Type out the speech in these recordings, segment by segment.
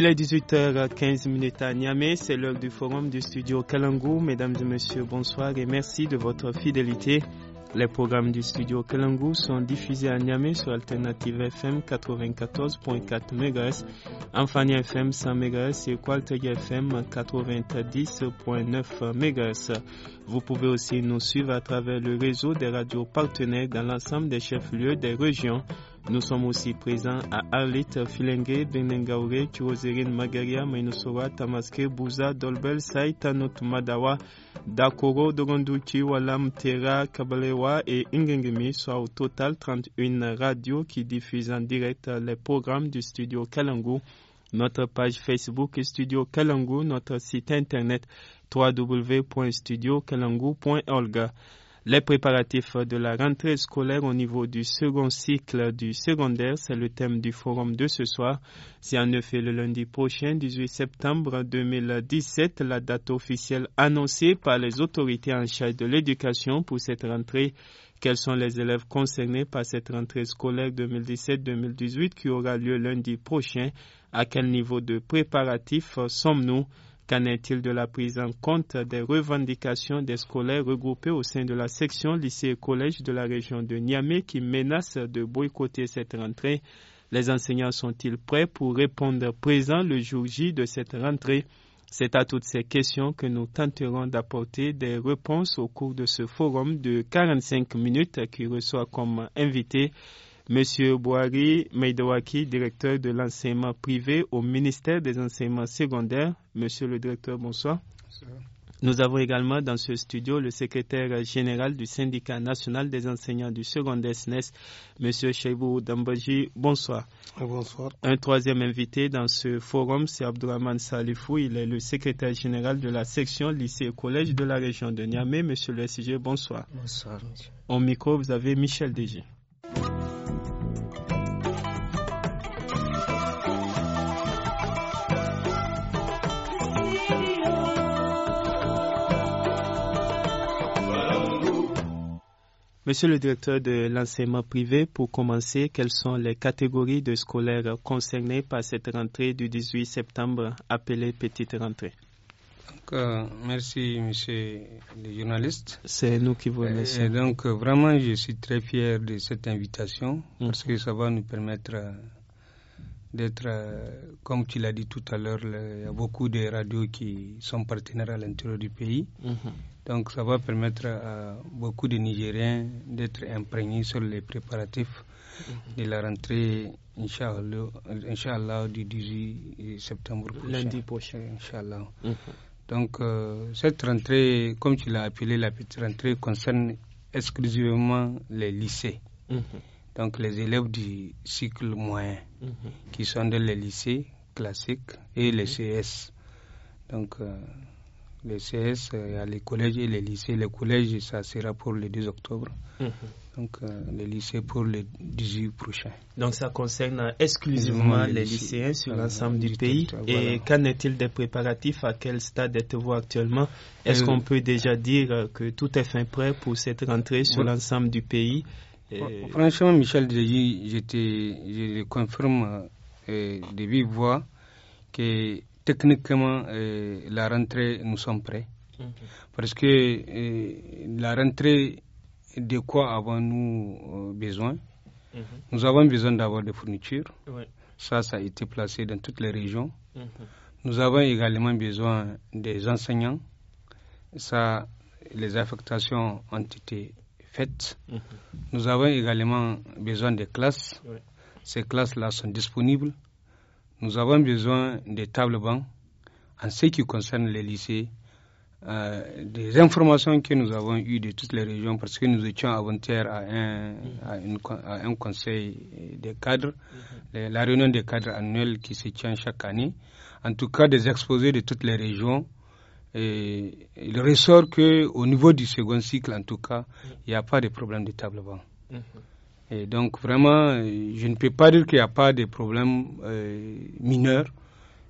Il est 18h15 à Niamey, c'est l'heure du forum du studio Kalangou. Mesdames et messieurs, bonsoir et merci de votre fidélité. Les programmes du studio Kalangu sont diffusés à Niamey sur Alternative FM 94.4 MHz, Amphania FM 100 MHz et Qualteg FM 90.9 MHz. Vous pouvez aussi nous suivre à travers le réseau des radios partenaires dans l'ensemble des chefs-lieux des régions. Nous sommes aussi présents à Arlit, Filengue, Benengaure, Chuozerin, Magaria, Mainosora, Tamaske, Bouza, Dolbel, Saïta, Madawa, Dakoro, Dogonduchi, Walam, Tera, Kabalewa et Ingengemi, soit au total 31 radios qui diffusent en direct les programmes du studio Kalangu notre page Facebook Studio Kalangu, notre site internet www.studiokalangu.org. Les préparatifs de la rentrée scolaire au niveau du second cycle du secondaire, c'est le thème du forum de ce soir. C'est en effet le lundi prochain, 18 septembre 2017, la date officielle annoncée par les autorités en charge de l'éducation pour cette rentrée. Quels sont les élèves concernés par cette rentrée scolaire 2017-2018 qui aura lieu lundi prochain? À quel niveau de préparatif sommes-nous? Qu'en est-il de la prise en compte des revendications des scolaires regroupés au sein de la section lycée et collège de la région de Niamey qui menace de boycotter cette rentrée Les enseignants sont-ils prêts pour répondre présent le jour J de cette rentrée c'est à toutes ces questions que nous tenterons d'apporter des réponses au cours de ce forum de 45 minutes qui reçoit comme invité Monsieur Bouhari Meidawaki, directeur de l'enseignement privé au ministère des enseignements secondaires. Monsieur le directeur, bonsoir. Nous avons également dans ce studio le secrétaire général du syndicat national des enseignants du secondaire SNES, M. Cheibou Dambaji. Bonsoir. Bonsoir. Un troisième invité dans ce forum, c'est Abdourahman Salifou. Il est le secrétaire général de la section lycée et collège de la région de Niamey. Monsieur le SG, bonsoir. Bonsoir, Au micro, vous avez Michel Dégé. Monsieur le directeur de l'enseignement privé, pour commencer, quelles sont les catégories de scolaires concernées par cette rentrée du 18 septembre appelée petite rentrée euh, merci, monsieur le journaliste. C'est nous qui vous remercions. donc, euh, vraiment, je suis très fier de cette invitation parce que mhm. ça va nous permettre euh, d'être, comme tu l'as dit tout à l'heure, il y a beaucoup de radios qui sont partenaires à l'intérieur du pays. Mhm. Donc ça va permettre à beaucoup de Nigériens d'être imprégnés sur les préparatifs mhm. de la rentrée, Inch'Allah, du 18 septembre prochain. Lundi prochain. Mhm. Donc euh, cette rentrée, comme tu l'as appelé, la petite rentrée concerne exclusivement les lycées. Mhm. Donc les élèves du cycle moyen qui sont dans les lycées classiques et les CS. Donc euh, les CS, euh, il les collèges et les lycées. Les collèges, ça sera pour le 2 octobre. Mhm. Donc, euh, les lycées pour le 18 prochain. Donc, ça concerne exclusivement les, lycéens sur l'ensemble du, pays. Et qu'en est-il des préparatifs À quel stade êtes-vous actuellement Est-ce euh, qu'on peut déjà dire que tout est fin prêt pour cette rentrée sur l'ensemble du pays Franchement, Michel je, confirme de vive voix que techniquement, euh, la rentrée, nous sommes prêts. Parce que euh, la rentrée, de quoi avons-nous euh, besoin mhm. Nous avons besoin d'avoir des fournitures. Ça, ça a été placé dans toutes les régions. Mhm. Nous avons également besoin des enseignants. Ça, les affectations ont été faites. Mhm. Nous avons également besoin de classes. Ces classes-là sont disponibles. Nous avons besoin des tables bancs en ce qui concerne les lycées, euh, des informations que nous avons eues de toutes les régions parce que nous étions avant-hier à, un, conseil des cadres, la réunion des cadres annuelle qui se tient chaque année. En tout cas, des exposés de toutes les régions. Et il ressort qu'au niveau du second cycle, en tout cas, il n'y a pas de problème de table bancs. Mhm donc vraiment, euh, je ne peux pas dire qu'il n'y a pas de problèmes euh, mineurs,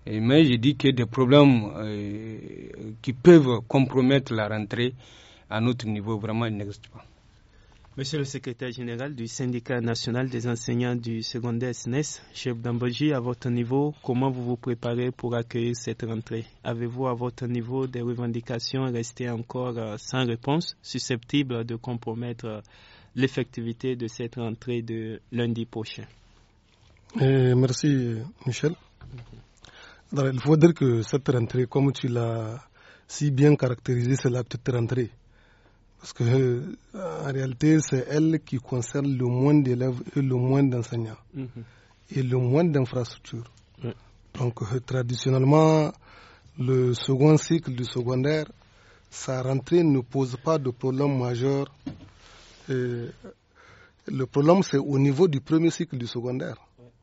mais je dis que des problèmes euh, qui peuvent compromettre la rentrée à notre niveau, vraiment, n'existent pas. Monsieur le secrétaire général du syndicat national des enseignants du secondaire SNES, e chef d'Ambogi, à votre niveau, comment vous vous préparez pour accueillir cette rentrée Avez-vous à votre niveau des revendications restées encore sans réponse, susceptibles de compromettre l'effectivité de cette rentrée de lundi prochain. Euh, merci, Michel. il faut dire que cette rentrée, comme tu l'as si bien caractérisée, c'est la petite rentrée. Parce que, euh, en réalité, c'est elle qui concerne le moins d'élèves et le moins d'enseignants. Mm-hmm. Et le moins d'infrastructures. Donc, euh, traditionnellement, le second cycle du secondaire, sa rentrée ne pose pas de problème majeur euh, le problème, c'est au niveau du premier cycle du secondaire.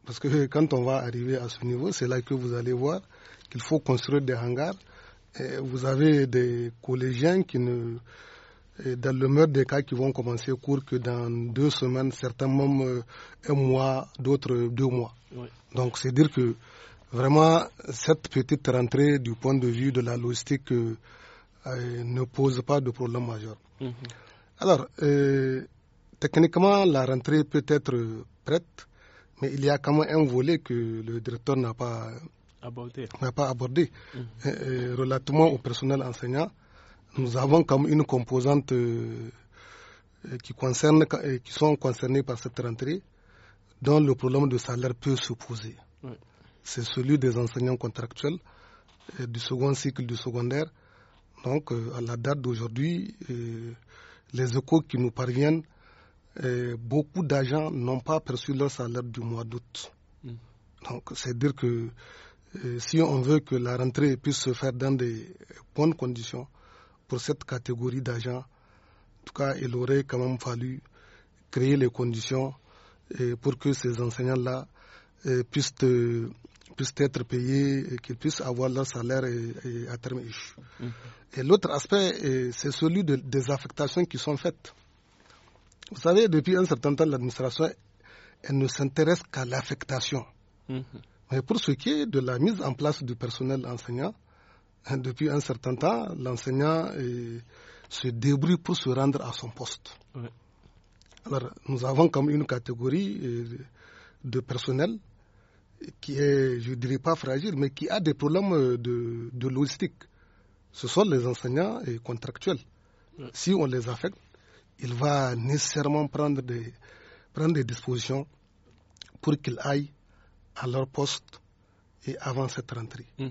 Parce que quand on va arriver à ce niveau, c'est là que vous allez voir qu'il faut construire des hangars. vous avez des collégiens qui ne, dans le meilleur des cas, qui vont commencer au cours que dans deux semaines, certains même euh, un mois, d'autres deux mois. Donc c'est dire que vraiment cette petite rentrée du point de vue de la logistique euh, ne pose pas de problème majeur. Mhm. Alors, euh, techniquement, la rentrée peut être prête, mais il y a quand même un volet que le directeur n'a pas abordé, pas mm. euh, euh, relativement au personnel enseignant. Nous avons comme une composante qui concerne, qui sont concernés par cette rentrée, dont le problème de salaire peut se poser. C'est celui des enseignants contractuels du second cycle du secondaire. Donc, à la date d'aujourd'hui, les échos qui nous parviennent, euh, beaucoup d'agents n'ont pas perçu leur salaire du mois d'août. Mm. Donc, c'est à dire que euh, si on veut que la rentrée puisse se faire dans des bonnes conditions pour cette catégorie d'agents, en tout cas, il aurait quand même fallu créer les conditions euh, pour que ces enseignants-là puissent puissent être payés, et qu'ils puissent avoir leur salaire à terme hum. Et l'autre aspect, c'est celui des affectations qui sont faites. Vous savez, depuis un certain temps, l'administration, elle ne s'intéresse qu'à l'affectation. Hum. Mais pour ce qui est de la mise en place du personnel enseignant, hein, depuis un certain temps, l'enseignant se débrouille pour se rendre à son poste. Alors, nous avons comme une catégorie de personnel qui est, je ne dirais pas fragile, mais qui a des problèmes euh, de, logistique. Ce sont les enseignants et contractuels. Si on les affecte, il va nécessairement prendre des, prendre des dispositions pour qu'ils aillent à leur poste et avant cette rentrée. Mmh.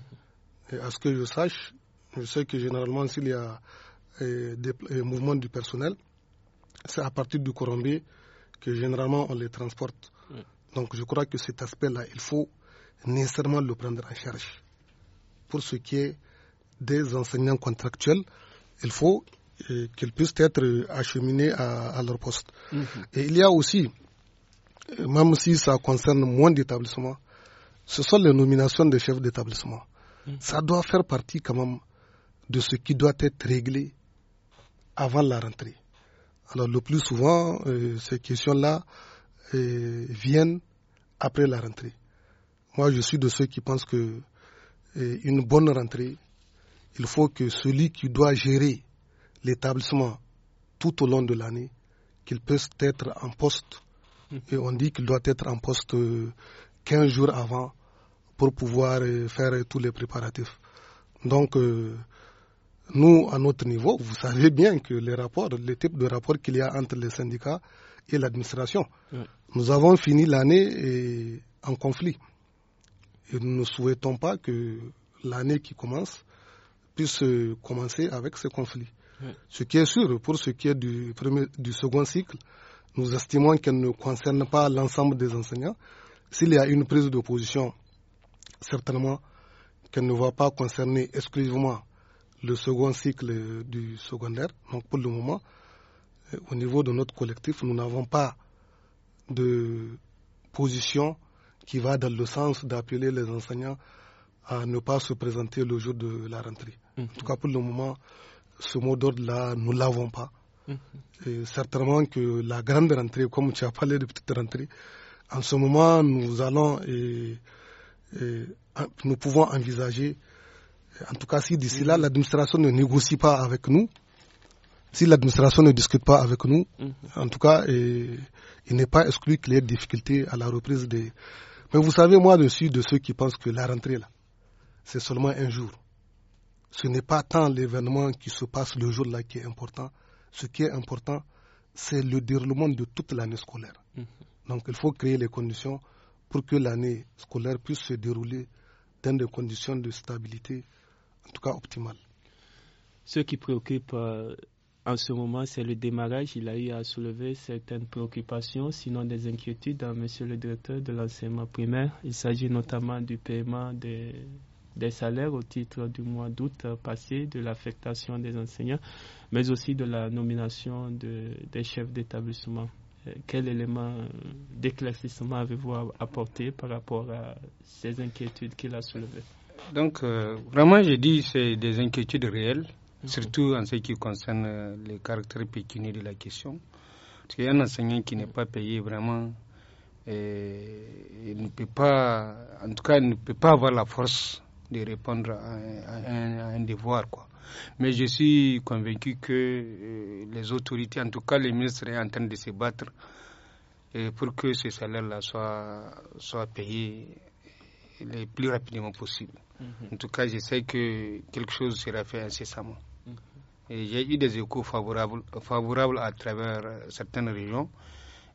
Et à ce que je sache, je sais que généralement s'il y a euh, des euh, mouvements du personnel, c'est à partir du Corombier que généralement on les transporte. Donc je crois que cet aspect-là, il faut nécessairement le prendre en charge. Pour ce qui est des enseignants contractuels, il faut euh, qu'ils puissent être acheminés à, leur poste. Mhm. Et il y a aussi, euh, même si ça concerne moins d'établissements, ce sont les nominations des chefs d'établissement. Mhm. Ça doit faire partie quand même de ce qui doit être réglé avant la rentrée. Alors le plus souvent, euh, ces questions-là viennent après la rentrée. Moi, je suis de ceux qui pensent que eh, une bonne rentrée, il faut que celui qui doit gérer l'établissement tout au long de l'année, qu'il puisse être en poste. Mmh. Et on dit qu'il doit être en poste 15 euh, jours avant pour pouvoir euh, faire tous les préparatifs. Donc, euh, nous, à notre niveau, vous savez bien que les rapports, les types de rapports qu'il y a entre les syndicats et l'administration. Nous avons fini l'année eh, en conflit. Et nous ne souhaitons pas que l'année qui commence puisse euh, commencer avec ce conflit. Ce qui est sûr, pour ce qui est du, premier, du second cycle, nous estimons qu'elle ne concerne pas l'ensemble des enseignants. S'il y a une prise d'opposition, certainement qu'elle ne va pas concerner exclusivement le second cycle euh, du secondaire. Donc pour le moment, euh, au niveau de notre collectif, nous n'avons pas de position qui va dans le sens d'appeler les enseignants à ne pas se présenter le jour de la rentrée. En mhm. tout cas, pour le moment, ce mot d'ordre-là, nous ne l'avons pas. Mhm. certainement que la grande rentrée, comme tu as parlé de petite rentrée, en ce moment, nous allons et nous pouvons envisager, en tout cas si d'ici là mhm. l'administration ne négocie pas avec nous, si l'administration ne discute pas avec nous, mm-hmm. en tout cas, il n'est pas exclu qu'il y ait des difficultés à la reprise des. Mais vous savez, moi, je suis de ceux qui pensent que la rentrée, là, c'est seulement un jour. Ce n'est pas tant l'événement qui se passe le jour-là qui est important. Ce qui est important, c'est le déroulement de toute l'année scolaire. Mm-hmm. Donc, il faut créer les conditions pour que l'année scolaire puisse se dérouler dans des conditions de stabilité, en tout cas optimales. Ce qui préoccupe euh, en ce moment, c'est le démarrage. Il a eu à soulever certaines préoccupations, sinon des inquiétudes, dans monsieur le directeur de l'enseignement primaire. Il s'agit notamment du paiement des, salaires au titre du mois d'août passé, de l'affectation des enseignants, mais aussi de la nomination des chefs d'établissement. Euh, quel élément d'éclaircissement avez-vous apporté par rapport à ces inquiétudes qu'il a soulevées Donc, euh, vraiment, je dis c'est des inquiétudes réelles surtout en ce qui concerne euh, le caractère pécunier de la question. Parce un enseignant qui n'est pas payé vraiment, il ne peut pas, en tout cas, il ne peut pas avoir la force de répondre à un, devoir. Quoi. Mais je suis convaincu que euh, les autorités, en tout cas les ministres, sont en train de se battre euh, pour que ce salaire là soit, le plus rapidement possible. Mm-hmm. En tout cas, je sais que quelque chose sera fait incessamment a eu des échos favorables, à travers euh, certaines régions.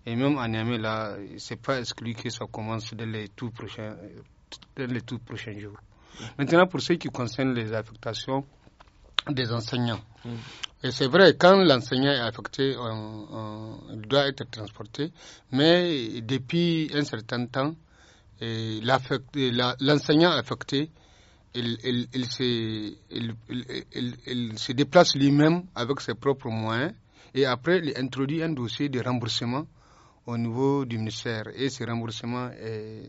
Et même en Niamey, là, c'est pas exclu que ça commence dès les tout prochains, jours. Maintenant, pour ce qui concerne les affectations des enseignants, mm. et c'est vrai, quand l'enseignant est affecté, on, il doit être transporté, mais depuis un certain temps, l'enseignant affecté, il, se, déplace lui-même avec ses propres moyens et après il introduit un dossier de remboursement au niveau du ministère et ce remboursement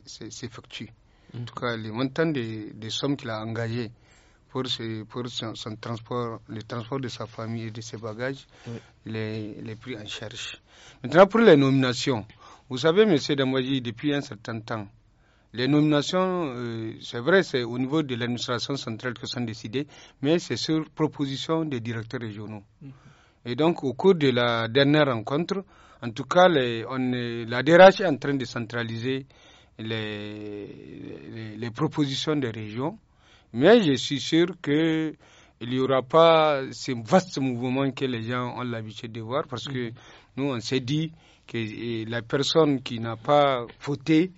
s'effectue. En mm. tout cas, le montant des, sommes qu'il a engagées pour, son, transport, le transport de sa famille et de ses bagages, il, est, pris en charge. Maintenant, pour les nominations, vous savez, M. Damoji depuis un certain temps, les nominations, euh, c'est vrai, c'est au niveau de l'administration centrale que sont décidées, mais c'est sur proposition des directeurs régionaux. Mhm. Et donc, au cours de la dernière rencontre, en tout cas, on, la DRH est en train de centraliser les, propositions des régions, mais je suis sûr que il n'y aura pas ce vaste mouvement que les gens ont l'habitude de voir parce que mhm. nous, on s'est dit que eh, la personne qui n'a pas voté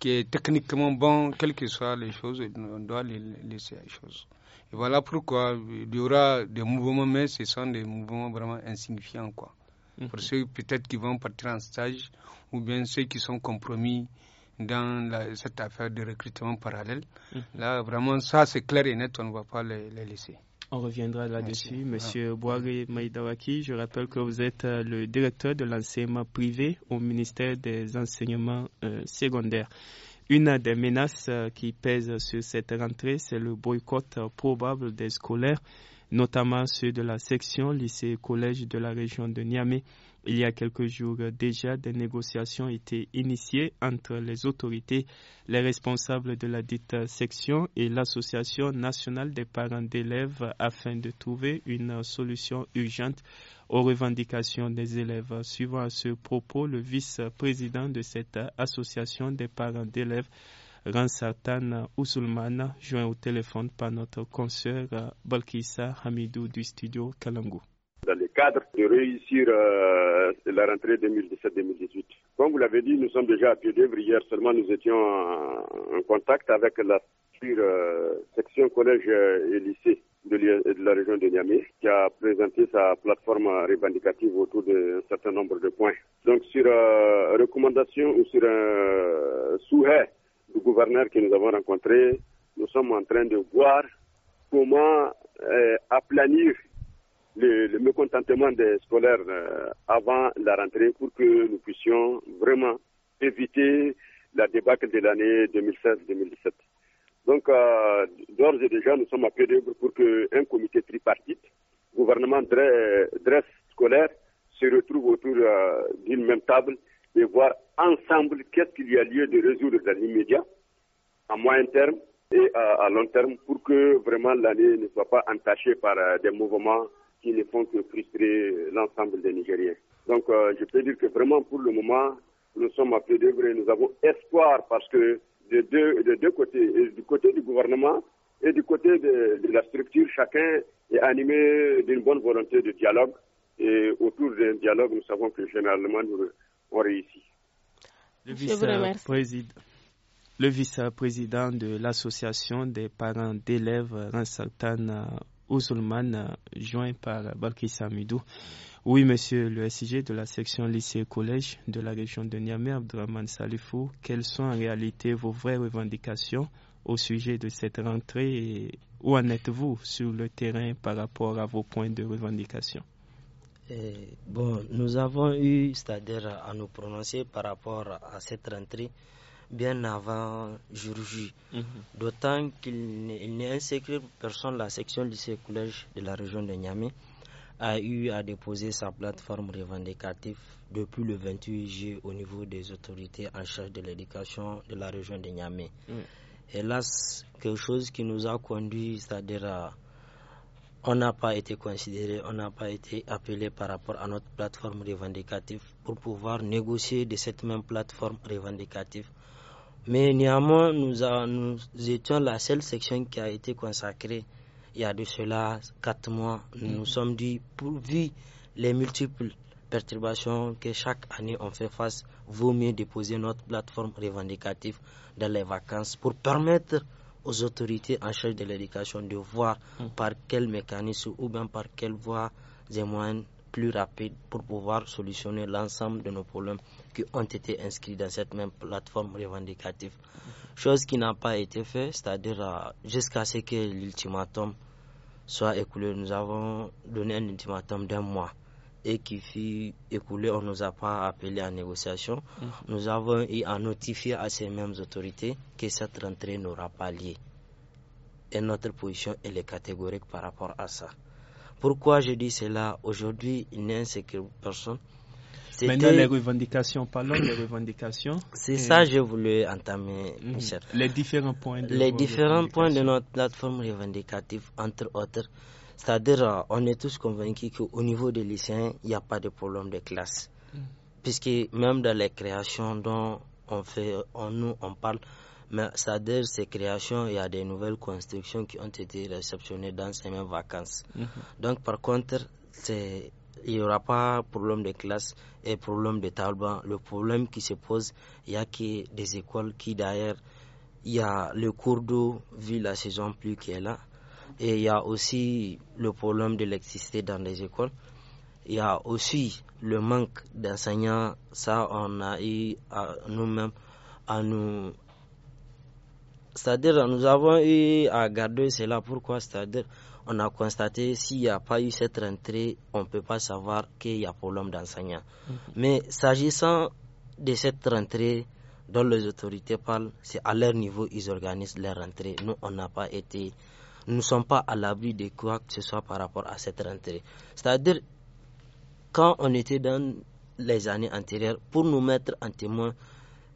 qui est techniquement bon, quelles que soient les choses, on doit les laisser les choses. Et voilà pourquoi il y aura des mouvements, mais ce sont des mouvements vraiment insignifiants. Quoi. Mhm. Pour ceux peut-être qui vont partir en stage, ou bien ceux qui sont compromis dans cette affaire de recrutement parallèle, mhm. là vraiment ça c'est clair et net, on ne va pas les laisser. On reviendra là-dessus. Ah. Monsieur Boire Maïdawaki, je rappelle que vous êtes euh, le directeur de l'enseignement privé au ministère des enseignements euh, secondaires. Une des menaces euh, qui pèse sur cette rentrée, c'est le boycott probable des scolaires, notamment ceux de la section lycée-collège de la région de Niamey. Il y a quelques jours euh, déjà, des négociations étaient initiées entre les autorités, les responsables de la dite section et l'Association nationale des parents d'élèves afin de trouver une solution urgente aux revendications des élèves. Suivant à ce propos, le vice-président de cette association des parents d'élèves, Ransartan Ousulman, joint au téléphone par notre consoeur euh, Balkissa Hamidou du studio Kalangou cadre de réussir euh, la rentrée 2017-2018. Comme vous l'avez dit, nous sommes déjà à pied d'œuvre. Hier seulement, nous étions en, contact avec la euh, section collège euh, et lycée de, de la région de Niamey qui a présenté sa plateforme revendicative autour d'un certain nombre de points. Donc sur recommandation ou sur un souhait du gouverneur que nous avons rencontré, nous sommes en train de voir comment aplanir le, mécontentement des scolaires euh, avant la rentrée pour que nous puissions vraiment éviter la débâcle de l'année 2016-2017. Donc, euh, d'ores et déjà, nous sommes appelés pour qu'un comité tripartite, gouvernement euh, dresse scolaire, se retrouve autour d'une même table et voir ensemble qu'est-ce qu'il y a lieu de résoudre dans l'immédiat, à moyen terme et à, long terme, pour que vraiment l'année ne soit pas entachée par des mouvements qui ne font que frustrer l'ensemble des Nigériens. Donc euh, je peux dire que vraiment pour le moment, nous sommes à pied d'œuvre et nous avons espoir parce que de deux, de deux côtés, du côté du gouvernement et du côté de, la structure, chacun est animé d'une bonne volonté de dialogue. Et autour d'un dialogue, nous savons que généralement, nous, on réussit. Le vice-président le vice de l'association des parents d'élèves, Ransaltan euh, Ousulman, euh, joint par Balki Oui, monsieur le SIG de la section lycée-collège de la région de Niamey, Abdraman Salifou, quelles sont en réalité vos vraies revendications au sujet de cette rentrée et où en êtes-vous sur le terrain par rapport à vos points de revendication eh, Bon, nous avons eu, c'est-à-dire à nous prononcer par rapport à cette rentrée bien avant jour J. Mhm. D'autant qu'il n'est inscrit personne, la section lycée collège de la région de Niamey a eu à déposer sa plateforme revendicative depuis le 28 juillet au niveau des autorités en charge de l'éducation de la région de Niamey. Mm. Hélas, quelque chose qui nous a conduit, c'est-à-dire on n'a pas été considéré, on n'a pas été appelé par rapport à notre plateforme revendicative pour pouvoir négocier de cette même plateforme revendicative mais néanmoins, nous, étions la seule section qui a été consacrée il y a de cela quatre mois. Nous mm-hmm. nous sommes dit, pourvu les multiples perturbations que chaque année on fait face, vaut mieux déposer notre plateforme revendicative dans les vacances pour permettre aux autorités en charge de l'éducation de voir mm. par quel mécanisme ou bien par quelle voie des moyens plus rapide pour pouvoir solutionner l'ensemble de nos problèmes qui ont été inscrits dans cette même plateforme revendicative. Chose qui n'a pas été faite, c'est-à-dire euh, jusqu'à ce que l'ultimatum soit écoulé. Nous avons donné un ultimatum d'un mois et qui fut écoulé, on ne nous a pas appelé en négociation. Mm-hmm. Nous avons eu à notifier à ces mêmes autorités que cette rentrée n'aura pas lieu. Et notre position, elle est catégorique par rapport à ça. Pourquoi je dis cela Aujourd'hui, il n'est que personne. Maintenant, les revendications, parlons des revendications. C'est ça que je voulais entamer, Michel. Mhm. Les différents points de Les différents points de notre plateforme revendicative, entre autres. C'est-à-dire, euh, on est tous convaincus qu'au niveau des lycéens, il n'y a pas de problème de classe. Mhm. Puisque même dans les créations dont on fait, on, nous, on parle, mais c'est-à-dire ces créations, il y a des nouvelles constructions qui ont été réceptionnées dans ces mêmes vacances. Mhm. Donc par contre, c'est il n'y aura pas problème de classe et problème de talban. Le problème qui se pose, il y a que des écoles qui d'ailleurs, il y a le cours d'eau vu la saison plus qui est là. Et il y a aussi le problème de l'électricité dans les écoles. Il y a aussi le manque d'enseignants. Ça, on a eu nous-mêmes à nous c'est-à-dire, nous avons eu à garder cela. Pourquoi C'est-à-dire, on a constaté s'il n'y a pas eu cette rentrée, on ne peut pas savoir qu'il y a problème d'enseignants. Mais s'agissant de cette rentrée dont les autorités parlent, c'est à leur niveau ils organisent leur rentrée. Nous, on n'a pas été, nous ne sommes pas à l'abri de quoi que ce soit par rapport à cette rentrée. C'est-à-dire, quand on était dans les années antérieures, pour nous mettre en témoin,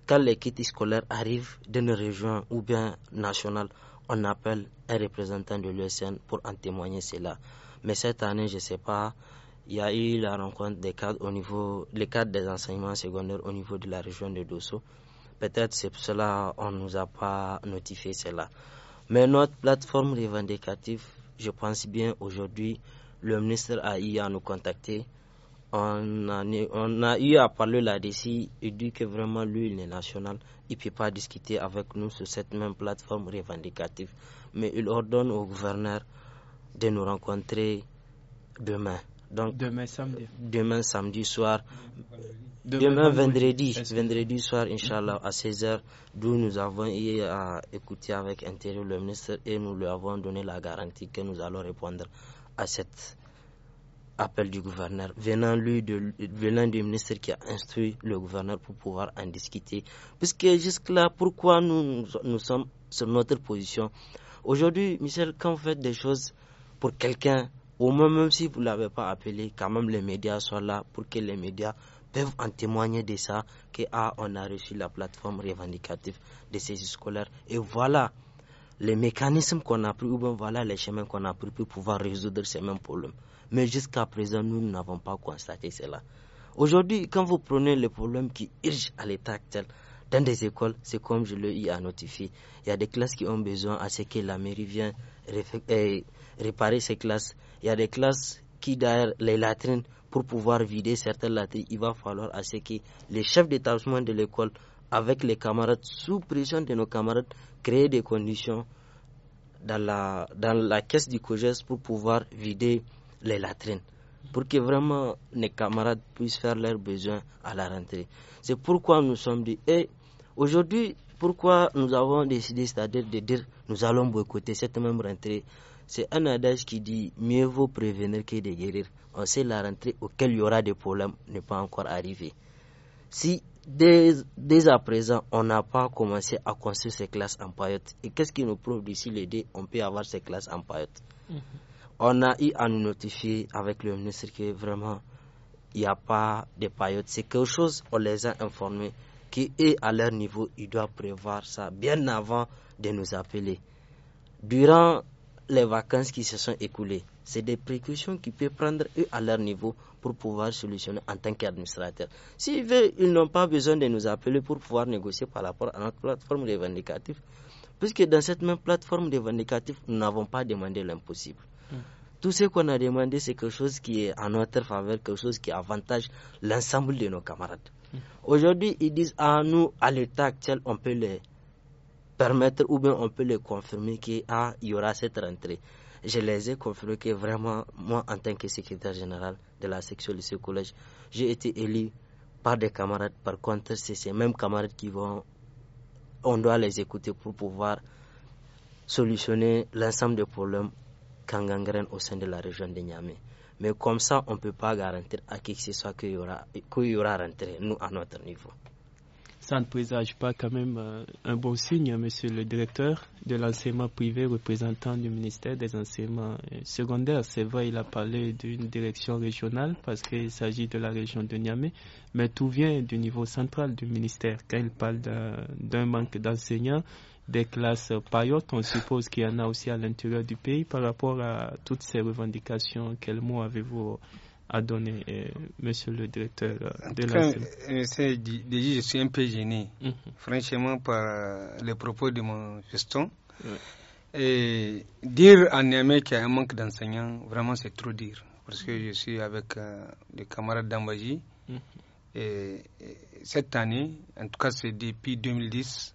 quand l'équipe scolaire arrive d'une région ou bien nationale, on appelle un représentant de l'USN pour en témoigner cela. Mais cette année, je ne sais pas, il y a eu la rencontre des cadres au niveau, les cadres des enseignements secondaires au niveau de la région de Dosso. Peut-être c'est pour cela on ne nous a pas notifié cela. Mais notre plateforme revendicative, je pense bien aujourd'hui, le ministre a eu à nous contacter on a, eu à parler là-dessus. Il dit que vraiment, lui, il est national. Il ne peut pas discuter avec nous sur cette même plateforme revendicative. Mais il ordonne au gouverneur de nous rencontrer demain. Donc, demain samedi. Demain samedi soir. Demain, vendredi. Vendredi soir, Inch'Allah, à 16h, d'où nous avons eu à écouter avec intérêt le ministre et nous lui avons donné la garantie que nous allons répondre à cette appel du gouverneur venant lui de venant du ministre qui a instruit le gouverneur pour pouvoir en discuter puisque jusque là pourquoi nous nous sommes sur notre position aujourd'hui Michel quand vous faites des choses pour quelqu'un au moins même si vous l'avez pas appelé quand même les médias soient là pour que les médias peuvent en témoigner de ça que ah, on a reçu la plateforme revendicative de ces scolaires et voilà les mécanismes qu'on a pris ou bien voilà les chemins qu'on a pris pour pouvoir résoudre ces mêmes problèmes mais jusqu'à présent, nous n'avons pas constaté cela. Aujourd'hui, quand vous prenez le problème qui urge à l'état actuel, dans des écoles, c'est comme je l'ai à notifié. Il y a des classes qui ont besoin à ce que la mairie vienne eh, réparer ces classes. Il y a des classes qui, derrière les latrines, pour pouvoir vider certaines latrines, il va falloir à ce que les chefs d'établissement de l'école, avec les camarades, sous pression de nos camarades, créent des conditions dans la, dans la caisse du COGES pour pouvoir vider les latrines pour que vraiment les camarades puissent faire leurs besoins à la rentrée. C'est pourquoi nous sommes dit, et eh, aujourd'hui, pourquoi nous avons décidé, c'est-à-dire de dire, nous allons boycotter cette même rentrée. C'est un adage qui dit, mieux vaut prévenir que de guérir. On sait la rentrée auquel il y aura des problèmes n'est pas encore arrivée. Si dès, à présent, on n'a pas commencé à construire ces classes en paillotte, et qu'est-ce qui nous prouve d'ici les on peut avoir ces classes en paillotte mhm on a eu à nous notifier avec le ministre que vraiment, il n'y a pas de paillotes. C'est quelque chose, on les a informés, qui à leur niveau, ils doivent prévoir ça bien avant de nous appeler. Durant les vacances qui se sont écoulées, c'est des précautions qu'ils peuvent prendre eux à leur niveau pour pouvoir solutionner en tant qu'administrateur. S'ils veulent, ils n'ont pas besoin de nous appeler pour pouvoir négocier par rapport à notre plateforme revendicative, puisque dans cette même plateforme revendicative, nous n'avons pas demandé l'impossible. Mm. Tout ce qu'on a demandé, c'est quelque chose qui est en notre faveur, quelque chose qui avantage l'ensemble de nos camarades. Mm. Aujourd'hui, ils disent à ah, nous, à l'état actuel, on peut les permettre ou bien on peut les confirmer qu'il ah, y aura cette rentrée. Je les ai confirmés que vraiment, moi, en tant que secrétaire général de la section lycée collège, j'ai été élu par des camarades. Par contre, c'est ces mêmes camarades qui vont, on doit les écouter pour pouvoir solutionner l'ensemble des problèmes Kangangren au sein de la région de Niamey. Mais comme ça, on ne peut pas garantir à qui que ce soit qu'il y aura, qu'il y aura nous, à notre niveau. Ça ne présage pas quand même euh, un bon signe, hein, monsieur le directeur de l'enseignement privé représentant du ministère des enseignements euh, secondaires. C'est vrai, il a parlé d'une direction régionale parce qu'il s'agit de la région de Niamey, mais tout vient du niveau central du ministère. Quand il parle d'un manque d'enseignants, des classes payotes, on suppose qu'il y en a aussi à l'intérieur du pays. Par rapport à toutes ces revendications, quel mot avez-vous à donner, eh, monsieur le directeur de la eh, eh, je suis un peu gêné, mhm. franchement, par les propos de mon gestion. dire en Niamey qu'il y a un manque d'enseignants, vraiment, c'est trop dire. Parce que je suis avec euh, des camarades d'Ambaji. Mhm. cette année, en tout cas, c'est depuis 2010,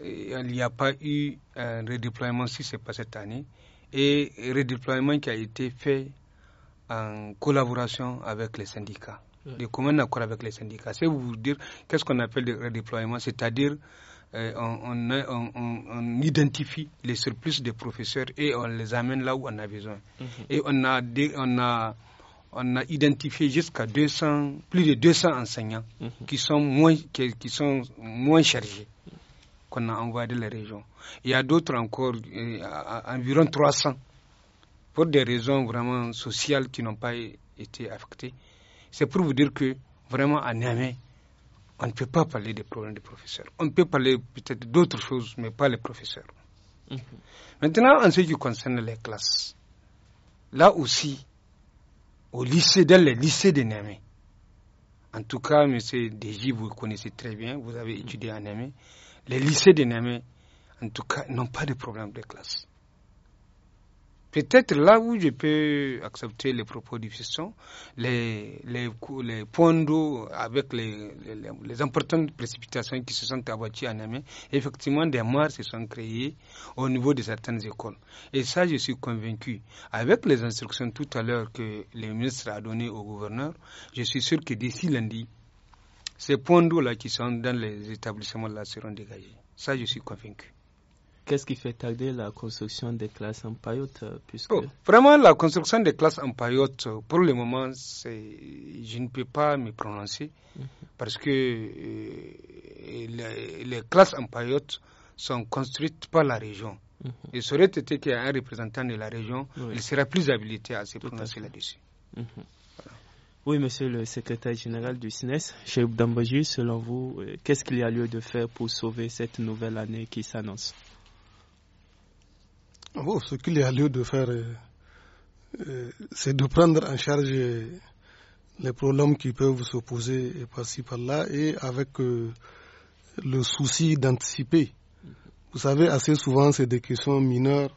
euh, il n'y a pas eu un euh, redéploiement si ce n'est pas cette année, et redéploiement qui a été fait en collaboration avec les syndicats, de commun accord avec les syndicats. C'est vous dire qu'est-ce qu'on appelle le redéploiement, c'est-à-dire euh, on, identifie les surplus des professeurs et on les amène là où on a besoin. Mhm. Et on a, on identifié jusqu'à 200, plus de 200 enseignants mhm. qui, sont moins, qui sont moins chargés qu'on a envoyé de la région. Il y a d'autres encore, euh, environ 300, pour des raisons vraiment sociales qui n'ont pas été affectées. C'est pour vous dire que vraiment à Niamey, on ne peut pas parler des problèmes des professeurs. On peut parler peut-être d'autres choses, mais pas les professeurs. Mhm. Maintenant, en ce qui concerne les classes, là aussi, au lycée, dans les lycées de Niamey, en tout cas, M. Deji, vous connaissez très bien, vous avez mhm. étudié à Niamey les lycées de Namé, en tout cas, n'ont pas de problème de classe. Peut-être là où je peux accepter les propos du fiston, les, les, points d'eau avec les, les, importantes précipitations qui se sont abattues à Namé, effectivement, des morts se sont créées au niveau de certaines écoles. Et ça, je suis convaincu. Avec les instructions tout à l'heure que le ministre a données au gouverneur, je suis sûr que d'ici lundi, ces points là qui sont dans les établissements-là seront dégagés. Ça, je suis convaincu. Qu'est-ce qui fait tarder la construction des classes en paillote euh, puisque... Oh, vraiment, la construction des classes en paillote, pour le moment, je ne peux pas me prononcer mhm. parce que euh, les, classes en paillote sont construites par la région. Il mhm. serait été qu'il y ait un représentant de la région, il sera plus habilité à se prononcer là-dessus. Mhm. Oui, monsieur le secrétaire général du SNES, chez Dambaji, selon vous, euh, qu'est-ce qu'il y a lieu de faire pour sauver cette nouvelle année qui s'annonce oh, Ce qu'il y a lieu de faire, euh, euh, c'est de prendre en charge les problèmes qui peuvent se poser par-ci, par-là, et avec le souci d'anticiper. Vous savez, assez souvent, c'est des questions mineures,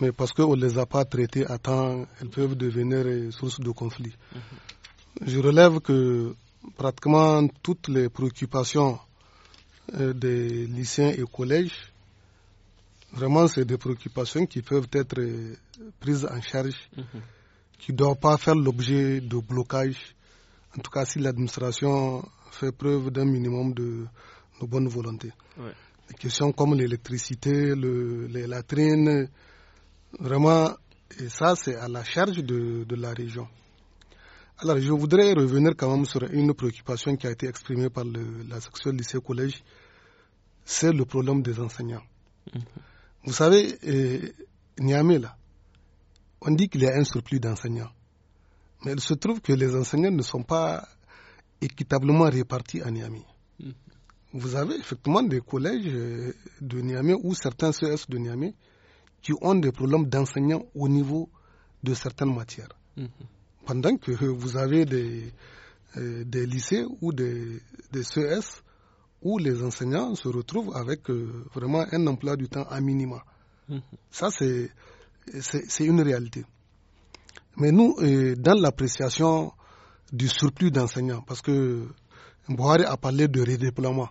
mais parce qu'on ne les a pas traitées à temps, elles peuvent devenir source de conflits. Mhm je relève que pratiquement toutes les préoccupations euh, des lycéens et collèges, vraiment, c'est des préoccupations qui peuvent être euh, prises en charge, mhm. qui ne doivent pas faire l'objet de blocages, en tout cas si l'administration fait preuve d'un minimum de, bonne volonté. Les questions comme l'électricité, les latrines, vraiment, et ça, c'est à la charge de la région. Alors, je voudrais revenir quand même sur une préoccupation qui a été exprimée par la section lycée-collège, c'est le problème des enseignants. Mm-hmm. Vous savez, euh, Niamey, là, on dit qu'il y a un surplus d'enseignants. Mais il se trouve que les enseignants ne sont pas équitablement répartis à Niamey. Mm-hmm. Vous avez effectivement des collèges euh, de Niamey ou certains CS de Niamey qui ont des problèmes d'enseignants au niveau de certaines matières. Mm-hmm pendant que vous avez des, euh, lycées ou des, CES où les enseignants se retrouvent avec euh, vraiment un emploi du temps à minima. Mhm. Ça, c'est une réalité. Mais nous, euh, dans l'appréciation du surplus d'enseignants, parce que Mbouare a parlé de redéploiement.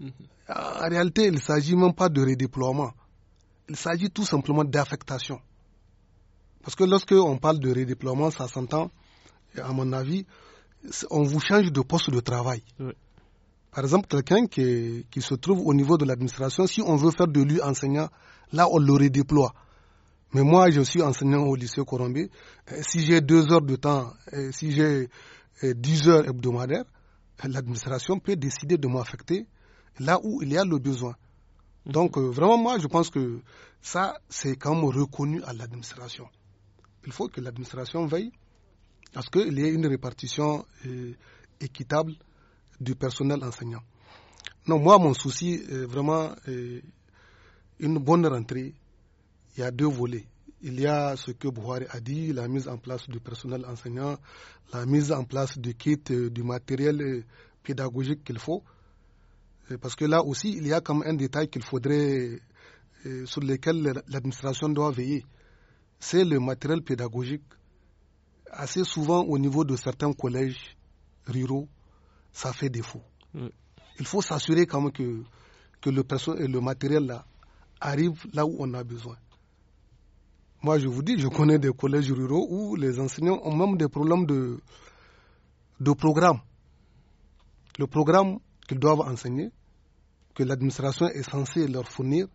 Mhm. En réalité, il ne s'agit même pas de redéploiement. Il s'agit tout simplement d'affectation. Parce que lorsque on parle de redéploiement, ça s'entend, à mon avis, on vous change de poste de travail. Par exemple, quelqu'un qui, se trouve au niveau de l'administration, si on veut faire de lui enseignant, là, on le redéploie. Mais moi, je suis enseignant au lycée Corombé, Si j'ai deux heures de temps, si j'ai dix heures hebdomadaires, l'administration peut décider de m'affecter là où il y a le besoin. Mhm. Donc, euh, vraiment, moi, je pense que ça, c'est quand même reconnu à l'administration il faut que l'administration veille à ce qu'il y ait une répartition euh, équitable du personnel enseignant. Non, moi, mon souci, vraiment, euh, une bonne rentrée, il y a deux volets. Il y a ce que Bouhari a dit, la mise en place du personnel enseignant, la mise en place du kit, euh, du matériel pédagogique qu'il faut. Parce que là aussi, il y a comme un détail qu'il faudrait, sur lequel l'administration doit veiller c'est le matériel pédagogique. Assez souvent, au niveau de certains collèges ruraux, ça fait défaut. Il faut s'assurer quand même que, que le, le matériel là, arrive là où on a besoin. Moi, je vous dis, je connais des collèges ruraux où les enseignants ont même des problèmes de, de programme. Le programme qu'ils doivent enseigner, que l'administration est censée leur fournir,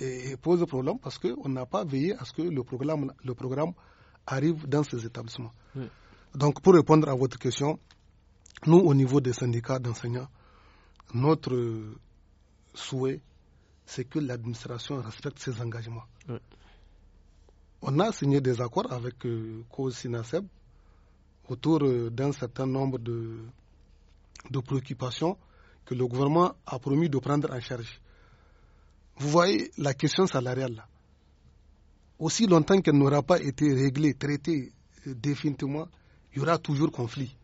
et pose problème parce qu'on n'a pas veillé à ce que le programme, arrive dans ces établissements. Donc, pour répondre à votre question, nous, au niveau des syndicats d'enseignants, notre souhait, c'est que l'administration respecte ses engagements. On a signé des accords avec euh, COSINASEB autour euh, d'un certain nombre de préoccupations que le gouvernement a promis de prendre en charge. Vous voyez la question salariale là. Aussi longtemps qu'elle n'aura pas été réglée, traitée euh, définitivement, il y aura toujours conflit.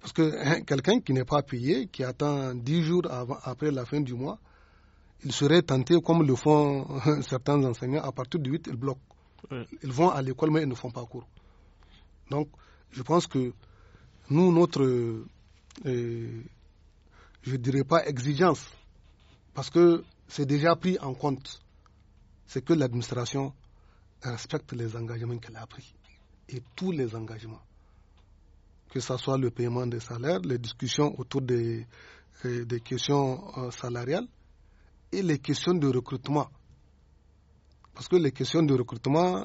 Parce que hein, quelqu'un qui n'est pas payé, qui attend 10 jours après la fin du mois, il serait tenté, comme le font certains enseignants, à partir du 8, ils bloquent. Ils vont à l'école, mais ils ne font pas cours. Donc, je pense que nous, notre, euh, je ne dirais pas exigence, parce que c'est déjà pris en compte. C'est que l'administration respecte les engagements qu'elle a pris. Et tous les engagements. Que ce soit le paiement des salaires, les discussions autour des, euh, des questions euh, salariales et les questions de recrutement. Parce que les questions de recrutement,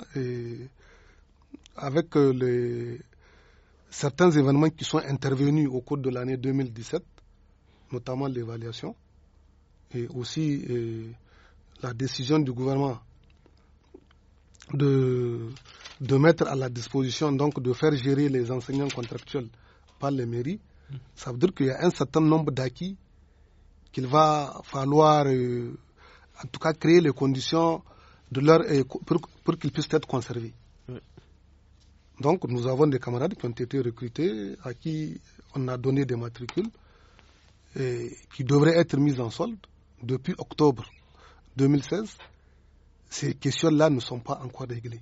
avec euh, les, certains événements qui sont intervenus au cours de l'année 2017, notamment l'évaluation, et aussi euh, la décision du gouvernement de, mettre à la disposition, donc de faire gérer les enseignants contractuels par les mairies, ça veut dire qu'il y a un certain nombre d'acquis qu'il va falloir, euh, en tout cas, créer les conditions euh, pour, qu'ils puissent être conservés. Donc, nous avons des camarades qui ont été recrutés, à qui on a donné des matricules, et qui devraient être mises en solde depuis octobre 2016, ces questions-là ne sont pas encore réglées.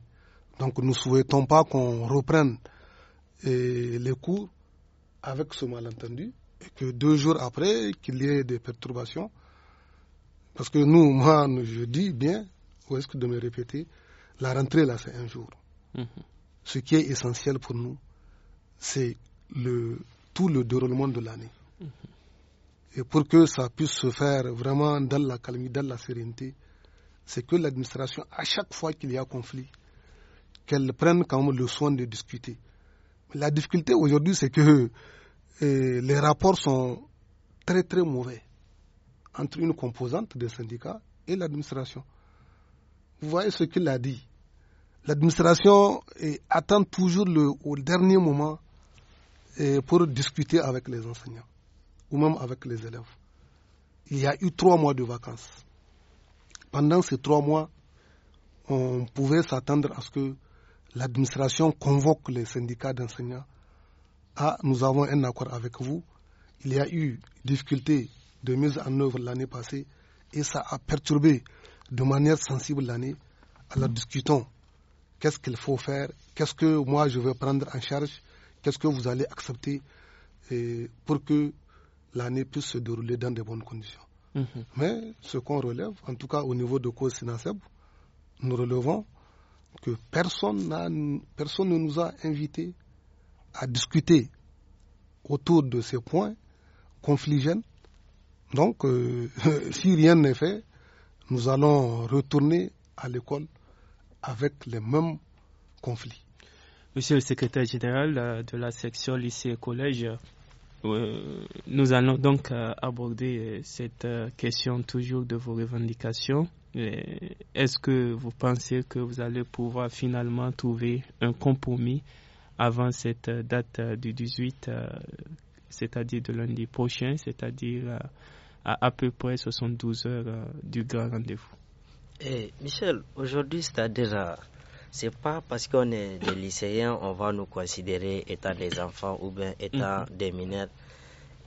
Donc nous ne souhaitons pas qu'on reprenne les cours avec ce malentendu et que deux jours après, qu'il y ait des perturbations. Parce que nous, moi, je dis bien, est-ce ou que de me répéter, la rentrée, là, c'est un jour. Mm-hmm. Ce qui est essentiel pour nous, c'est tout le déroulement de l'année. Mm-hmm. Et pour que ça puisse se faire vraiment dans la calmie, dans la sérénité, c'est que l'administration, à chaque fois qu'il y a conflit, qu'elle prenne quand même le soin de discuter. La difficulté aujourd'hui, c'est que eh, les rapports sont très très mauvais entre une composante des syndicats et l'administration. Vous voyez ce qu'il a dit. L'administration eh, attend toujours le, au dernier moment eh, pour discuter avec les enseignants ou même avec les élèves. Il y a eu trois mois de vacances. Pendant ces trois mois, on pouvait s'attendre à ce que l'administration convoque les syndicats d'enseignants. Ah, nous avons un accord avec vous. Il y a eu difficulté de mise en œuvre l'année passée et ça a perturbé de manière sensible l'année. Alors discutons. Qu'est-ce qu'il faut faire Qu'est-ce que moi je vais prendre en charge Qu'est-ce que vous allez accepter eh, pour que l'année puisse se dérouler dans de bonnes conditions. Mhm. Mais ce qu'on relève, en tout cas au niveau de cause Sinaseb, nous relevons que personne, personne ne nous a invités à discuter autour de ces points jeunes. Donc, euh, si rien n'est fait, nous allons retourner à l'école avec les mêmes conflits. Monsieur le secrétaire général euh, de la section lycée et collège euh, nous allons donc euh, aborder euh, cette question toujours de vos revendications. Est-ce que vous pensez que vous allez pouvoir finalement trouver un compromis avant cette date du 18, c'est-à-dire de lundi prochain, c'est-à-dire à peu près 72 heures du grand rendez-vous eh, Michel, aujourd'hui, cest déjà c'est pas parce qu'on est des lycéens, on va nous considérer étant des enfants ou bien étant mhm. des mineurs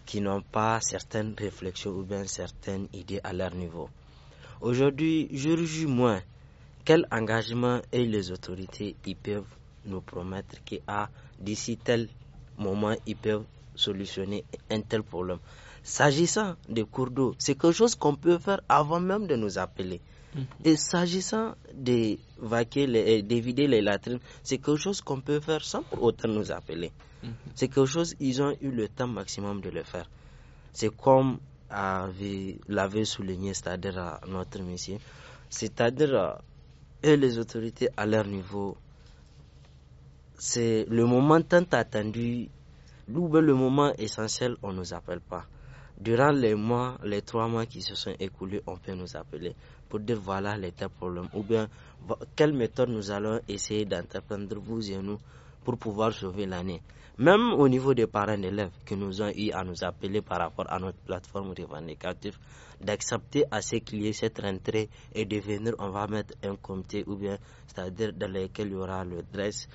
qui n'ont pas certaines réflexions ou bien certaines idées à leur niveau. Aujourd'hui, je juge moins quel engagement et les autorités peuvent nous promettre qu'à ah, d'ici tel moment ils peuvent solutionner un tel problème. S'agissant des cours d'eau, c'est quelque chose qu'on peut faire avant même de nous appeler. Mhm. Et s'agissant de vaquer les, les latrines, c'est quelque chose qu'on peut faire sans pour autant nous appeler. Mhm. C'est quelque chose, ils ont eu le temps maximum de le faire. C'est comme l'avait souligné, c'est-à-dire euh, notre monsieur, c'est-à-dire euh, les autorités à leur niveau, c'est le moment tant attendu, le moment essentiel, on ne nous appelle pas. Durant les mois, les trois mois qui se sont écoulés, on peut nous appeler pour dire voilà l'état problème ou bien quelle méthode nous allons essayer d'entreprendre vous et nous pour pouvoir sauver l'année. Même au niveau des parents d'élèves qui nous ont eu à nous appeler par rapport à notre plateforme revendicative, d'accepter à ce qu'il y ait cette rentrée et de venir, on va mettre un comité ou bien, c'est-à-dire dans lequel il y aura le dress,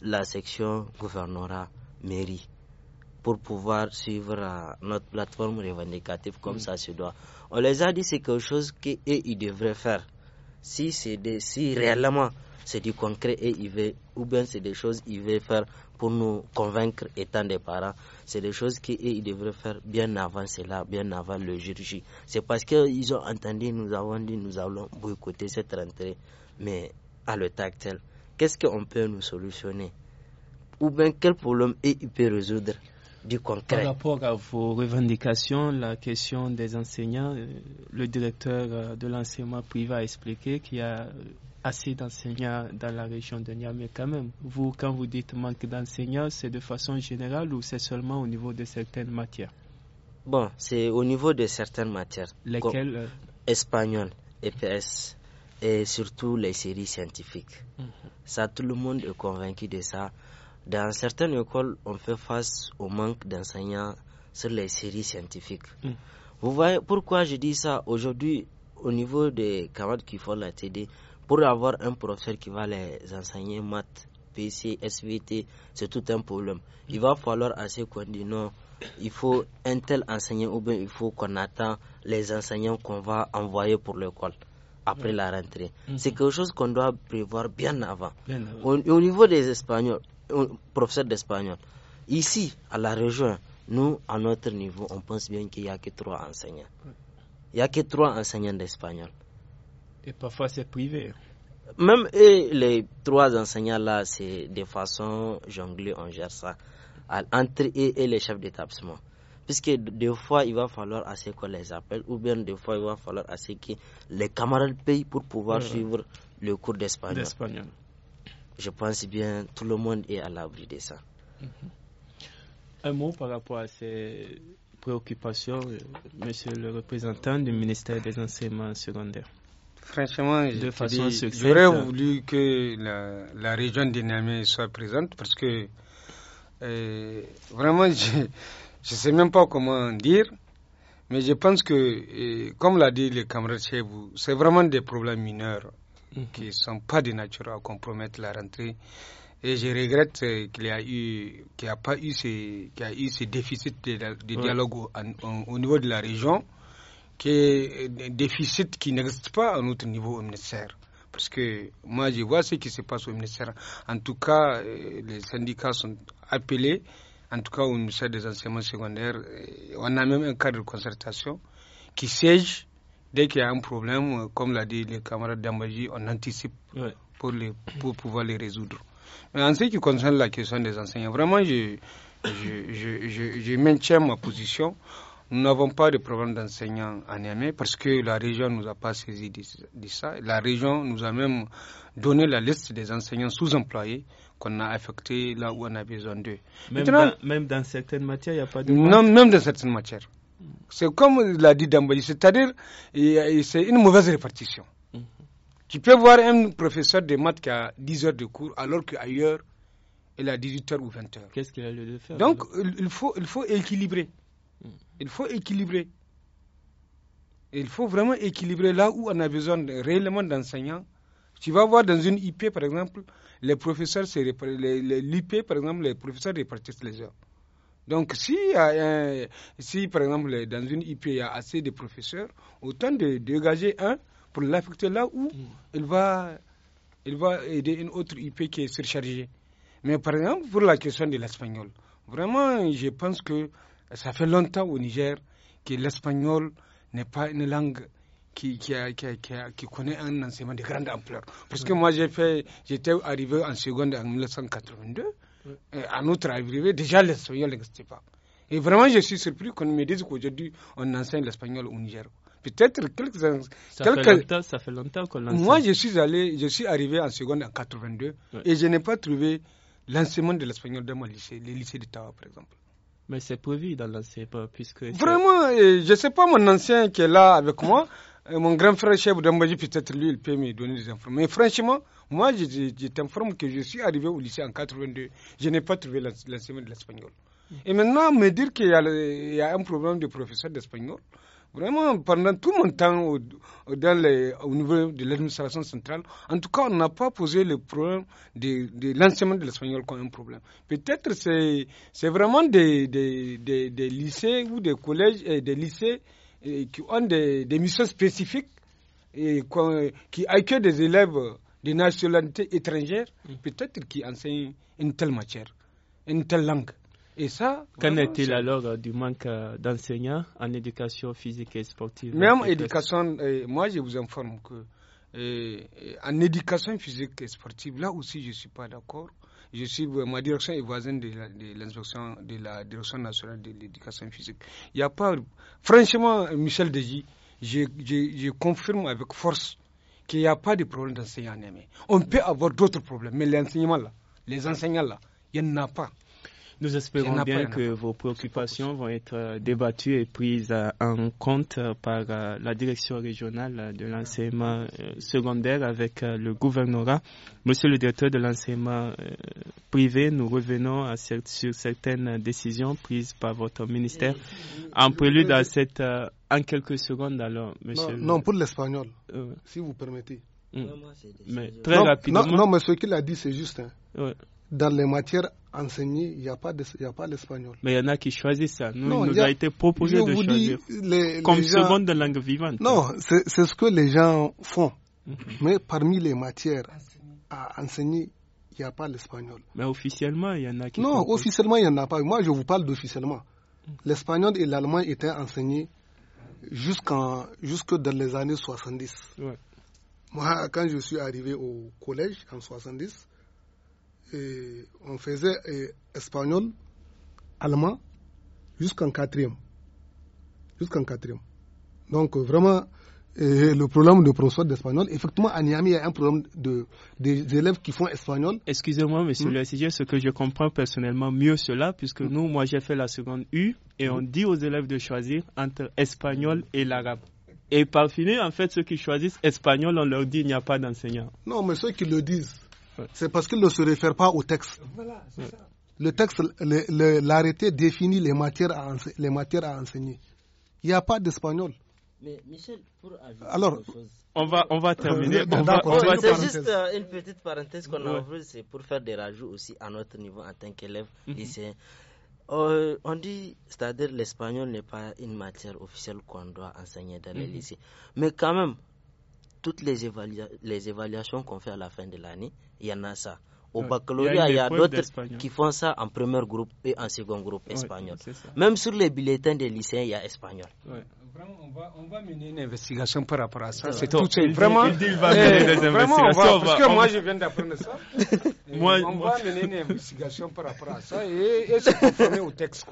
la section gouvernera mairie, pour pouvoir suivre euh, notre plateforme revendicative comme mm. ça se doit. On les a dit c'est quelque chose qu'ils devraient faire. Si, réellement c'est du concret et ils veulent, ou bien c'est des choses qu'ils veulent faire pour nous convaincre étant des parents, c'est des choses qu'ils devraient faire bien avant cela, bien avant le jour C'est parce qu'ils ont entendu, nous avons dit, nous allons boycotter cette rentrée. Mais à le actuel, qu'est-ce qu'on peut nous solutionner Ou bien quel problème ils peuvent résoudre par rapport à vos revendications, la question des enseignants, euh, le directeur euh, de l'enseignement privé a expliqué qu'il y a euh, assez d'enseignants dans la région de Niamey quand même. Vous, quand vous dites manque d'enseignants, c'est de façon générale ou c'est seulement au niveau de certaines matières Bon, c'est au niveau de certaines matières. Lesquelles Espagnol, EPS et surtout les séries scientifiques. Mhm. Ça, tout le monde est convaincu de ça. Dans certaines écoles, on fait face au manque d'enseignants sur les séries scientifiques. Mm. Vous voyez pourquoi je dis ça aujourd'hui au niveau des camarades qui font la TD, pour avoir un professeur qui va les enseigner maths, PC, SVT, c'est tout un problème. Il va falloir assez qu'on dise non, il faut un tel enseignant ou bien il faut qu'on attend les enseignants qu'on va envoyer pour l'école après mm. la rentrée. Mm. C'est quelque chose qu'on doit prévoir bien avant. au niveau des Espagnols, euh, professeur d'espagnol. Ici, à la région, nous, à notre niveau, on pense bien qu'il n'y a que trois enseignants. Il n'y a que trois enseignants d'espagnol. Et parfois, c'est privé. Même les trois enseignants-là, c'est de façon jonglée, on gère ça. Entre eux et, les chefs d'établissement puisque des fois il va falloir assez qu'on les appelle ou bien des fois il va falloir assez que les camarades payent pour pouvoir suivre le cours d'espagnol je pense bien tout le monde est à l'abri de ça. Mhm. Un mot par rapport à ces préoccupations, euh, monsieur le représentant du ministère des enseignements secondaires. Franchement, de façon j'aurais voulu que la, région d'Inamé soit présente parce que euh, vraiment, je ne sais même pas comment dire, mais je pense que, euh, comme l'a dit le camarade chez c'est vraiment des problèmes mineurs. Mhm. qui ne sont pas de nature à compromettre la rentrée. Et je regrette euh, qu'il y a eu, qu'il a pas eu ces, qu'il a eu ces déficits de, dialogue au, niveau de la région, qui euh, un déficit qui n'existe pas à notre niveau au ministère. Parce que moi, je vois ce qui se passe au ministère. En tout cas, euh, les syndicats sont appelés, en tout cas au ministère des enseignements secondaires. On a même un cadre de concertation qui siège dès qu'il y a un problème, euh, comme l'a dit le camarade Dambaji, on anticipe pour, les, pour pouvoir les résoudre. Mais en ce qui concerne la question des enseignants, vraiment, je, maintiens ma position. Nous n'avons pas de problème d'enseignants en Niamey parce que la région nous a pas saisi de, ça. La région nous a même donné la liste des enseignants sous-employés qu'on a affectés là où on a besoin d'eux. Même, même, dans certaines matières, il n'y a pas de... Non, même dans certaines matières. C'est comme l'a dit Dambali, c'est-à-dire c'est une mauvaise répartition. Mhm. Tu peux voir un professeur de maths qui a 10 heures de cours alors qu'ailleurs, il a 18 heures ou 20 heures. Qu'est-ce qu'il a lieu de faire Donc, il faut, il faut équilibrer. Mhm. Il faut équilibrer. Il faut vraiment équilibrer là où on a besoin réellement d'enseignants. Tu vas voir dans une IP, par exemple, les professeurs, l'IP, par exemple, les professeurs répartissent les heures. Donc, si, euh, euh, si par exemple dans une IP il y a assez de professeurs, autant de dégager un pour l'affecter là où mm. il, va, va aider une autre IP qui est surchargée. Mais par exemple, pour la question de l'espagnol, vraiment, je pense que ça fait longtemps au Niger que l'espagnol n'est pas une langue qui, qui, qui, connaît un enseignement de grande ampleur. Parce que mm. moi, j'étais arrivé en seconde en 1982. Euh, à notre arrivée, déjà l'espagnol n'existait pas. Et vraiment, je suis surpris qu'on me dise qu'aujourd'hui, on enseigne l'espagnol au Niger. Peut-être quelques, ça, ça fait longtemps qu'on l'enseigne. Moi, je suis, allé, je suis arrivé en seconde en 82 et je n'ai pas trouvé l'enseignement de l'espagnol dans mon lycée, les lycées d'Itawa par exemple. Mais c'est prévu dans l'ancien, puisque... Vraiment, euh, je ne sais pas mon ancien qui est là avec moi. Eh, mon grand frère chef d'Ambaji, peut-être lui, il peut me donner des informations. Mais franchement, moi, je, t'informe que je suis arrivé au lycée en 82. Je n'ai pas trouvé l'enseignement de l'espagnol. Mm. Et maintenant, me dire qu'il y, a un problème de professeur d'espagnol, vraiment, pendant tout mon temps au, dans niveau de l'administration centrale, en tout cas, on n'a pas posé le problème de, l'enseignement de l'espagnol comme un problème. Peut-être c'est, c'est vraiment des, des lycées ou des collèges et des lycées qui ont des, missions spécifiques et qui accueillent des élèves de nationalité étrangère, mm. peut-être qui enseignent une telle matière, une telle langue. Et ça. Qu'en est-il alors euh, du manque euh, d'enseignants en éducation physique et sportive Même éducation, euh, moi je vous informe que en éducation physique et sportive, là aussi je ne suis pas d'accord. Je suis, euh, ma direction est voisine de l'inspection de, la direction nationale de l'éducation physique. Il n'y a pas, franchement, Michel Deji, je, confirme avec force qu'il n'y a pas de problème d'enseignant. On peut avoir d'autres problèmes, mais l'enseignement là, les enseignants là, il n'y en a pas. Nous espérons bien que vos préoccupations vont être euh, débattues et prises euh, en compte euh, par la direction régionale de l'enseignement secondaire avec le gouvernorat. Monsieur le directeur de l'enseignement privé, nous revenons sur certaines décisions prises par votre ministère en prélude à cette en quelques secondes alors, monsieur. Non, pour l'espagnol, si vous permettez. Hum. mais très rapidement. Non, mais ce qu'il a dit, c'est juste. Hein. Dans les matières enseigner il n'y a pas l'espagnol. Mais il y en a qui choisissent ça. Nous, nous a, été proposé de choisir. Comme seconde langue vivante. Non, c'est ce que les gens font. Mhm. Mais parmi les matières à enseigner, il n'y a pas l'espagnol. Mais officiellement, il y en a qui. Non, officiellement, il n'y en a pas. Moi, je vous parle d'officiellement. Mhm. L'espagnol et l'allemand étaient enseignés jusqu'en jusque dans les années 70. Moi, quand je suis arrivé au collège en 70, on faisait eh, espagnol, allemand, jusqu'en quatrième. Jusqu'en quatrième. Donc euh, vraiment, eh, le problème de professeur d'espagnol. Effectivement, à Niamey, il y a un problème de, des élèves qui font espagnol. Excusez-moi, monsieur hmm? le SG, ce que je comprends personnellement mieux cela, puisque hmm? nous, moi, j'ai fait la seconde U et on hmm? dit aux élèves de choisir entre espagnol et l'arabe. Et par finir, en fait, ceux qui choisissent espagnol, on leur dit il n'y a pas d'enseignant. Non, mais ceux qui le disent, c'est parce qu'il ne se réfère pas au texte. Voilà, Le texte, l'arrêté définit les matières, à les matières à enseigner. Il n'y a pas d'espagnol. Mais Michel, pour ajouter Alors, On va, on va euh, terminer. c'est juste euh, une petite parenthèse qu'on a ouverte, c'est pour faire des rajouts aussi à notre niveau en tant qu'élève mhm. lycéen. Euh, on dit, c'est-à-dire l'espagnol n'est pas une matière officielle qu'on doit enseigner dans les mhm. lycées. Mais quand même, toutes les, les évaluations qu'on fait à la fin de l'année, il y en a ça. Au baccalauréat, il y a, a d'autres qui font ça en premier groupe et en second groupe espagnol. Même sur les bulletins des lycéens, il y a espagnol. on va, mener une investigation par rapport à ça. C'est tout. Il vraiment, dit, il va mener euh, des vraiment, parce que moi, je viens d'apprendre ça. on va mener une investigation par rapport à ça et, et se conformer au texte.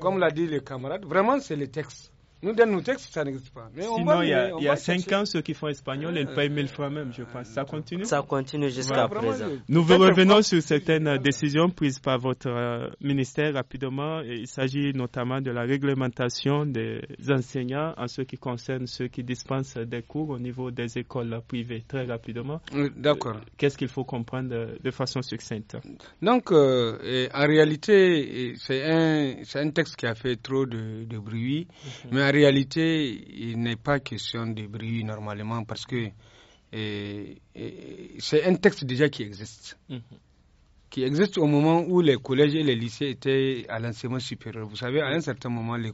Comme l'a dit le camarade, vraiment, c'est le texte. Nous, donnons nos textes, ça n'existe pas. Sinon, il y a, y 5 ans, ceux qui font espagnol, ils euh, payent mille euh, fois même, je pense. Ça continue Ça continue jusqu'à présent. Nous revenons sur certaines décisions prises par votre euh, ministère rapidement. Il s'agit notamment de la réglementation des enseignants en ce qui concerne ceux qui dispensent des cours au niveau des écoles privées. Très rapidement. D'accord. Qu'est-ce qu'il faut comprendre de façon succincte Donc, en réalité, c'est un, un, texte qui a fait trop de, bruit. Mhm. Mais en réalité, il n'est pas question de bruit normalement parce que euh, euh, c'est un texte déjà qui existe. Mhm. Qui existe au moment où les collèges et les lycées étaient à l'enseignement supérieur. Vous savez, à un certain moment, le,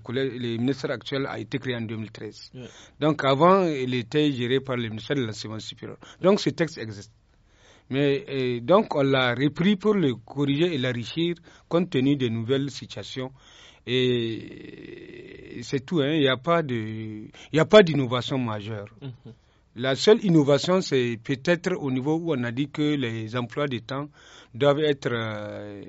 ministère actuel a été créé en 2013. Donc avant, il était géré par le ministère de l'enseignement supérieur. Donc ce texte existe. Mais euh, donc on l'a repris pour le corriger et l'enrichir compte tenu des nouvelles situations. Et c'est tout, hein. il n'y a pas d'innovation majeure. Mhm. La seule innovation, c'est peut-être au niveau où on a dit que les emplois de temps doivent être euh,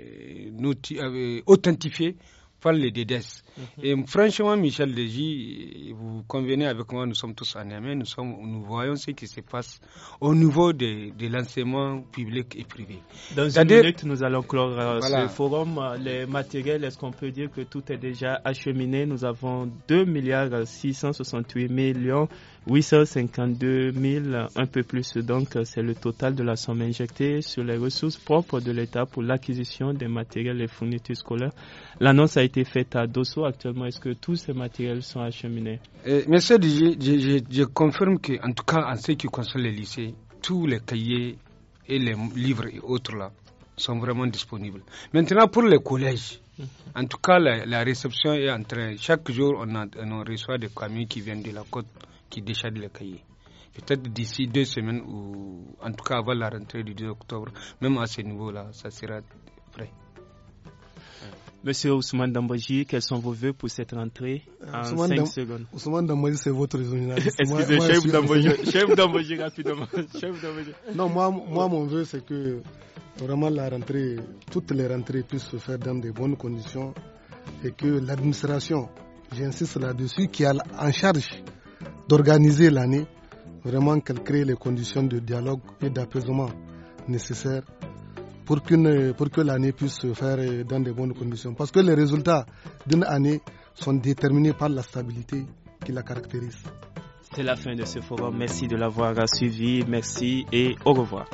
euh, authentifiés par DES. DEDES. Et franchement, Michel Deji, vous convenez avec moi, nous sommes tous en nous, sommes, nous voyons ce qui se passe au niveau de, de l'enseignement public et privé. Dans une minute, nous allons clore euh, ce forum. Les matériels, est-ce qu'on peut dire que tout est déjà acheminé Nous avons 2 milliards 668 millions 852 000, un peu plus. Donc, euh, c'est le total de la somme injectée sur les ressources propres de l'État pour l'acquisition des matériels et fournitures scolaires. L'annonce a été faite à Dosso actuellement. Est-ce que tous ces matériels sont acheminés euh, Monsieur, je, confirme que, en tout cas, en ce qui concerne les lycées, tous les cahiers et les livres et autres là sont vraiment disponibles. Maintenant, pour les collèges, mhm. en tout cas, la, réception est en train. Chaque jour, on, on reçoit des camions qui viennent de la côte qui déchargent les cahiers. Peut-être d'ici deux semaines ou en tout cas avant la rentrée du 2 octobre, même à ce niveau-là, ça sera prêt. Monsieur Ousmane Dambaji, quels sont vos voeux pour cette rentrée euh, en Ousmane 5 secondes Ousmane Dambaji, c'est votre résumé. Excusez, moi, chef Dambaji, chef rapidement. Non, moi, moi mon vœu, c'est que vraiment la rentrée, toutes les rentrées puissent se faire dans de bonnes conditions et que l'administration, j'insiste là-dessus, qui a en charge d'organiser l'année, vraiment qu'elle crée les conditions de dialogue et d'apaisement nécessaires pour, pour que l'année puisse se faire euh, dans de bonnes conditions. Parce que les résultats d'une année sont déterminés par la stabilité qui la caractérise. C'est la fin de ce forum. Merci de l'avoir suivi. Merci et au revoir.